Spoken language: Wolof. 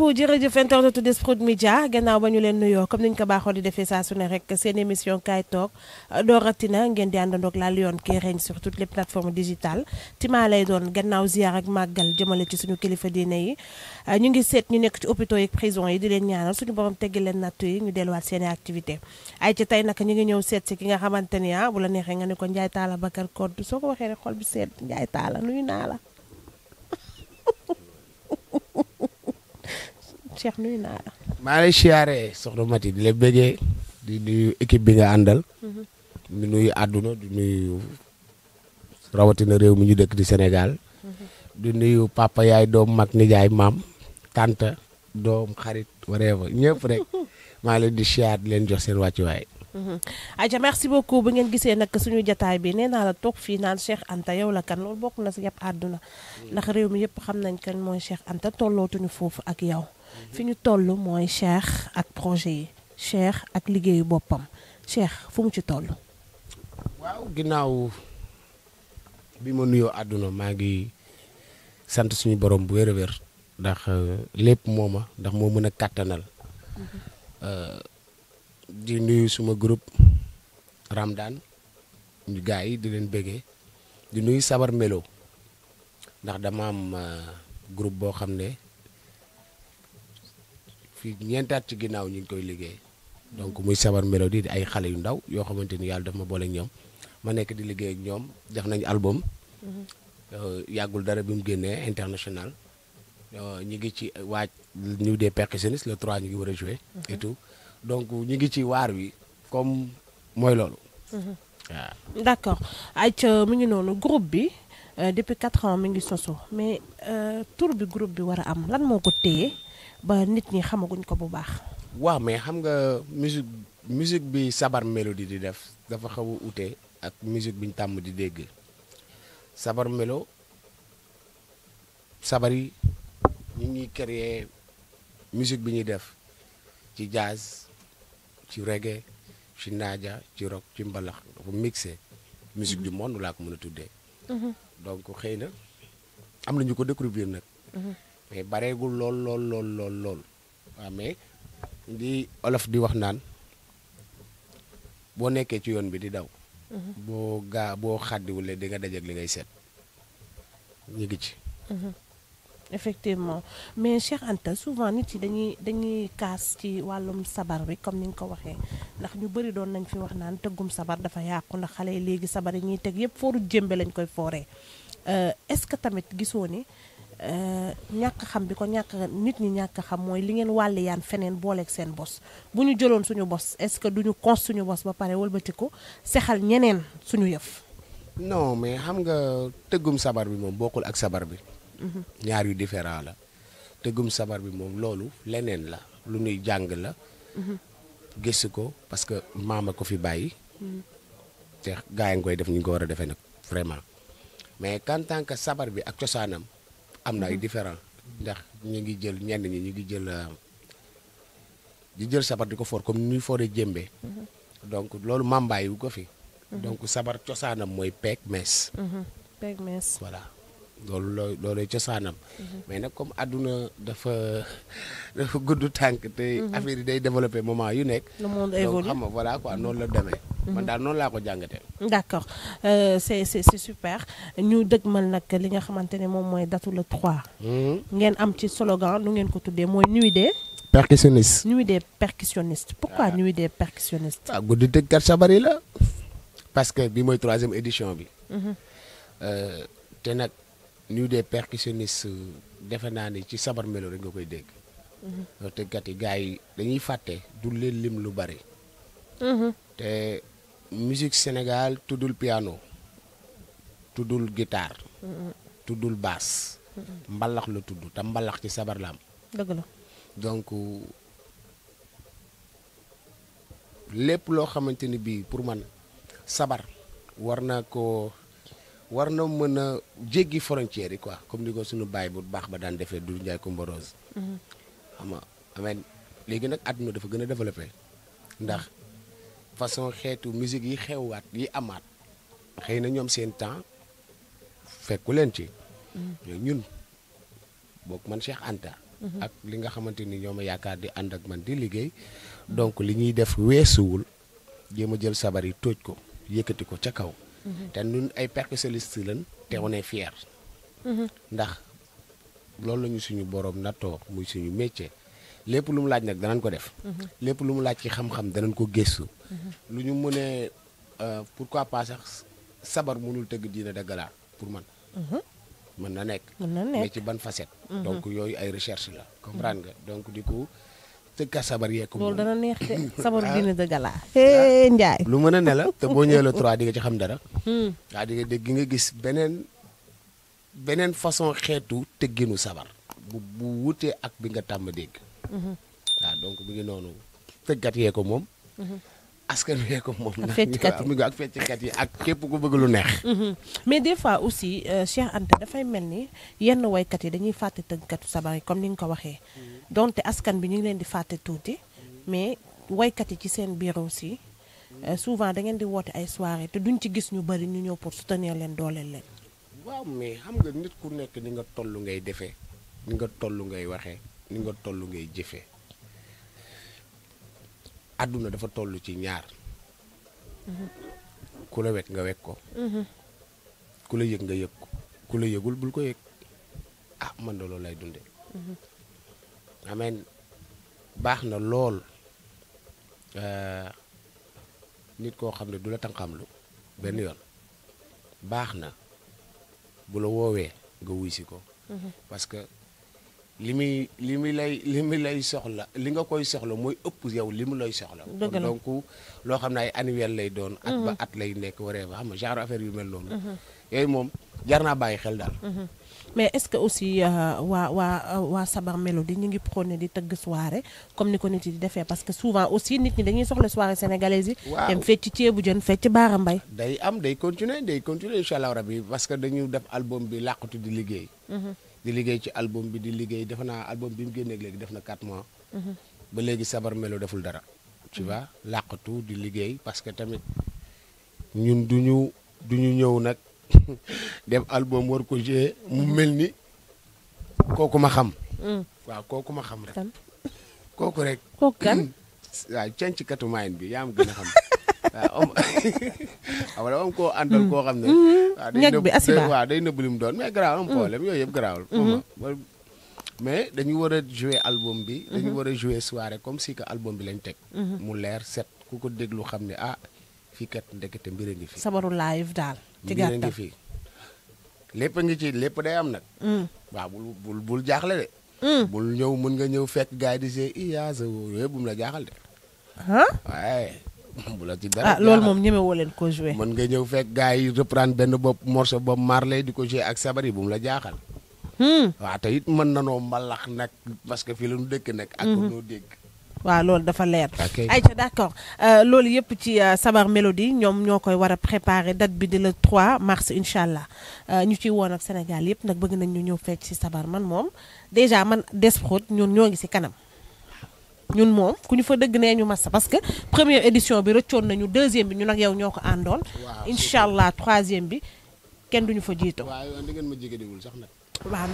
beaucoup jërëjëf internet des Prod Media gannaaw ba ñu leen nuyoo comme niñ ko baaxoo di defee saa su ne rek seen émission kaay toog euh, dooratina ngeen di àndandoog la Lyon qui règne sur toutes les plateformes digitales timaa lay doon gannaaw ziar ak màggal jëmale ci suñu kilifa diine yi euh, ñu ngi seet ñu nekk ci hôpitaux yi ak yi di leen ñaanal suñu borom teggi leen nattu yi ñu delluwaat seen activité ay ci tey naka ñu ngi ñëw seet si ki nga xamante ni ah bu la neexee nga ne ko Ndiaye Talla Bakar Code soo ko waxee rek xol bi seet Ndiaye Talla nuyu naa la Cheikh nuyu naa la. maa soxna Mati di la bëggee di nuyu équipe bi nga àndal. Mhm. di nuyu àdduna di nuyu rawatina réew mi ñu dëkk di Sénégal. Mhm. du nuyu papa yaay doom mag nijaay maam tante doom xarit wareeva ñëpp rek maa di siyaar di leen jox seen wàccuwaay. Mhm. aja merci beaucoup bu ngeen gisee nag suñu jataay bi nee naa la toog fii naan Cheikh Anta yow la kan loolu bokk na si yàpp àdduna mm. ndax réew mi yëpp xam nañ kan mooy Cheikh Anta tollootuñu foofu ak yow. fi ñu toll mooy Cheikh ak projet yi Cheikh ak liggéeyu boppam Cheikh fu mu ci toll. waaw ginnaaw bi ma nuyoo àdduna maa ngi sant suñu borom bu wér a wér ndax euh, lépp mooma ma ndax moo mën a kàttanal. Euh, di nuyu suma groupe Ramdan ñu gars yi di leen bëggee di nuyu Sabar Melo ndax dama am euh, groupe boo xam ne. fii ñeenti at ci ginnaaw ñu ngi koy liggéey donc muy sabar mélodie di ay xale yu ndaw yoo xamante ni yàlla daf ma boole ñoom ma nekk di liggéey ñoom def nañ album. Mm-hmm. Euh, yàggul dara bi mu génnee international euh, ñu ngi ci waaj ñu des percussionnistes le 3 ñu ngi war a jouer. Mm-hmm. et donc ñu ngi ci waar wi comme mooy loolu. Mm-hmm. waaw d' mu ngi noonu groupe bi. Euh, depuis quatre ans mi ngi soso mais euh, tour bi groupe bi war a am lan moo ko téye ba nit ñi xamaguñ ko bu baax. waaw mais xam nga musique musique bi sabar melo di di def dafa xaw a ute ak musique biñ tàmm di dégg sabar melo sabar yi ñu ngi créer musique bi ñuy def ci jaas ci reggae ci naaja ci rock ci mbalax dafa mixé musique du monde laa ko mën a tuddee. Mm-hmm. donc xëy na am na ñu ko découvrir nag. mais bareegul lool lool lool lool mais di olof di wax naan boo nekkee ci yoon bi di daw. boo gaa boo xàddiwulee di nga dajeek li ngay seet ñu ngi ci. effectivement mais Cheikh Anta souvent nit yi dañuy dañuy kaas ci wàllum sabar bi comme ni nga ko waxee ndax ñu bëri doon nañ fi wax naan tëggum sabar dafa yàqu ndax xale yi léegi sabar yi ñuy teg yëpp fooru jëmbe lañu koy fooree euh, est-ce que tamit gisoo ni euh, ñàkk xam bi ko ñàkk nit ñi ñàkk xam mooy li ngeen wàll feneen booleek seen bos bu ñu jëloon suñu bos est-ce que duñu cons suñu bos ba pare wëlbatiku sexal ñeneen suñu yëf no mais xam nga tëggum sabar bi moom bokkul ak sabar bi ñaar yu différent la tëggum sabar bi moom loolu leneen la lu nuy jàng la gis ko parce que a ko fi bàyyi te gaa yi nga koy def ñu ko war a defee nag vraiment mais en tant que sabar bi ak cosaanam am na ay différent ndax ñu ngi jël ñenn ñi ñu ngi jël euh, di jël sabar di ko foor comme ñuy foree jëmbe donc loolu mambaay wu ko fi mhm. donc sabar cosaanam mooy peeg mees mhm. peeg mees loolu la loolay cosaanam. Mhm. mais na comme àdduna dafa dafa gudd tànk te. Mhm. affaire day développé moment yu nekk. le monde évolue xam nga voilà quoi la demee. Mhm. man daal noonu laa ko jàngatee. d' accord euh, c' est c' est super nag li nga xamante ne moom mooy datu le ngeen am ci slogan lu ngeen ko tuddee mooy nuit des. percussionnistes nuit des percussionnistes. pourquoi ah. nuit des percussionnistes. ah guddi tëggkat sabar yi la. parce que bi mooy troisième édition bi. Euh, te nag nuyu des percussionnistes defe naa ni ci sabar melo rek nga koy dégg. Mhm. tëggkat yi gars dañuy fàtte du leen lim lu bari. Mhm. te musique Sénégal tuddul piano tuddul guitare. Mhm. tuddul baas mbalax la tudd te mbalax ci sabar la am. lépp loo xamante ni bii pour man sabar war na ko war na mën a jéggi frontière yi quoi comme ni ko suñu baay bu baax ba daan defee du Ndiaye Coumba Rose. Mhm. xam nga amee léegi nag àdduna dafa gën a développé ndax façon xeetu musique yi xewwaat yi amaat xëy na ñoom seen temps fekku leen ci. Mhm. ñun boog man Cheikh Anta. Mhm. ak li nga xamante ni ñoom yaakaar di ànd ak man di liggéey. donc li ñuy def weesuwul jéem a jël sabar yi tóoj ko yëkkati ko ca kaw. te ñun ay percussionniste lañ te on est fier ndax loolu la suñu borom nattoo muy suñu métier lépp lu mu laaj nag danañ ko def. lépp lu mu laaj ci xam-xam danañ ko gëstu. lu ñu mënee euh, pourquoi pas sax sabar mënul tëgg diine de gala pour man. mën na nekk. mën na nekk mais ban facette. donc yooyu ay recherche la comprendre nga donc du coup. tëggaat sabar yeeku. loolu dana neex de sabar dina de gala. Ndiaye. lu mën a ne la te boo ñëwee le 3 di ci xam dara. waa hmm. ah, di nga dégg nga gis beneen beneen façon xeetu tëgginu sabar. bu bu wutee ak bi nga tàmm dégg. waaw hmm. ah, donc mi ngi noonu tëggat yee ko moom. Hmm. askan wi ko moom. ak fecckat yi ak fecckat yi ak képp ku bëgg lu neex. Mhm. mais des fois aussi euh, Cheikh Anta dafay mel ni yenn woykat yi dañuy fàtte tëggkatu sabar comme ni nga ko waxee. Mhm. donte askan bi ñu ngi leen di fàtte tuuti. mais woykat yi ci seen biir aussi. Euh, souvent da ngeen di woote ay soirée te duñ ci gis ñu bari ñu ñëw pour soutenir leen dooleel leen. waaw mais xam nga nit ku nekk ni nga tollu ngay defee ni nga tollu ngay waxee ni nga tollu ngay jëfee. àdduna dafa tollu ci ñaar ku la wekk nga wekk ko ku la yëg nga yëg ko ku la yëgul bul ko yëg ah man de loolu lay dunde ameen baax na lool euh, nit koo xam ne du la lu benn yoon baax na bu la woowee nga wuy si ko mhm. parce li muy li muy lay li muy lay soxla li nga koy soxla mooy ëpp yow li mu lay soxla. donc loo xam ne ay annuel lay doon. at ba mhm. at lay nekk waree ba xam nga genre affaire yu mel noonu. Mhm. yooyu moom jar naa bàyyi xel daal. Mhm. mais est-ce que aussi euh, waa waa waa Sabar Mélodie ñu ngi prôné di tëgg soirée comme ni ko nit yi di defee parce que souvent aussi nit ñi dañuy soxla soirée sénégalaise yi. waaw dem fecc ceebu jën fecc baara mbay. day am day continuer day continuer incha allah rabi parce que dañu def album bi làqatu di liggéey. di liggéey ci album bi di liggéey defe naa album bi mu génneeg léegi def na 4 mois. Mhm. ba léegi sabar melo deful dara. tu vois di liggéey parce que tamit ñun du ñu du ñu ñëw nag dem album war ko jouer mu mel ni kooku ma xam. Mm. waaw kooku ma xam rek. kooku rek. kooku kan. waaw cencikatu bi yaa am gën a xam. waaw am na am koo àndal koo xam ne. Mm-hmm. ñag bi asiba waaw day nëbb li mu doon mais garaaw am mm-hmm. problème yooyu yëpp garaawul. Mm-hmm. mais dañu war a jouer album bi. dañu war a jouer soirée comme si que album bi lañ teg. mu leer set ku ko déglu xam ne ah fii kat ndekete mbir a ngi fi. sabaru live daal ci gàttal mbir a fi lépp a ngi ci lépp day am nag. Mm. waaw bul bul bul jaaxle de. Mm. bul ñëw mën nga ñëw fekk gars yi di se i sa yooyu bu mu la jaaxal de. waaye. bu ci dara ah moom ñeme leen ko joué. mën nga ñëw fekk gars yi reprendre benn bopp morceau Bob Marley di ko joué ak sabar yi bu mu la jaaxal. Hmm. waaw te it mën nanoo mbalax nag parce que fii la ñu dëkk nag. ak hmm. noo dégg. waaw loolu dafa leer. ay ayca d'accord euh, loolu yëpp ci euh, sabar mélodie ñoom ñoo koy war a préparer date bi di la trois mars incha allah euh, ñu ci woon ak Sénégal yëpp nag bëgg nañ ñu ñëw fecc ci sabar man moom déjà man des Desprot ñun ñoo ngi ci kanam. ñun moom ku ñu fa dëgg nee ñu massa parce que premier édition bi rëccoon nañu deuxième bi ñun ak yow ñoo ko àndoon. waaw incha allah troisième bi kenn duñu fa jiito. waaw da ngeen ma jigéen diwul sax nag. waaw.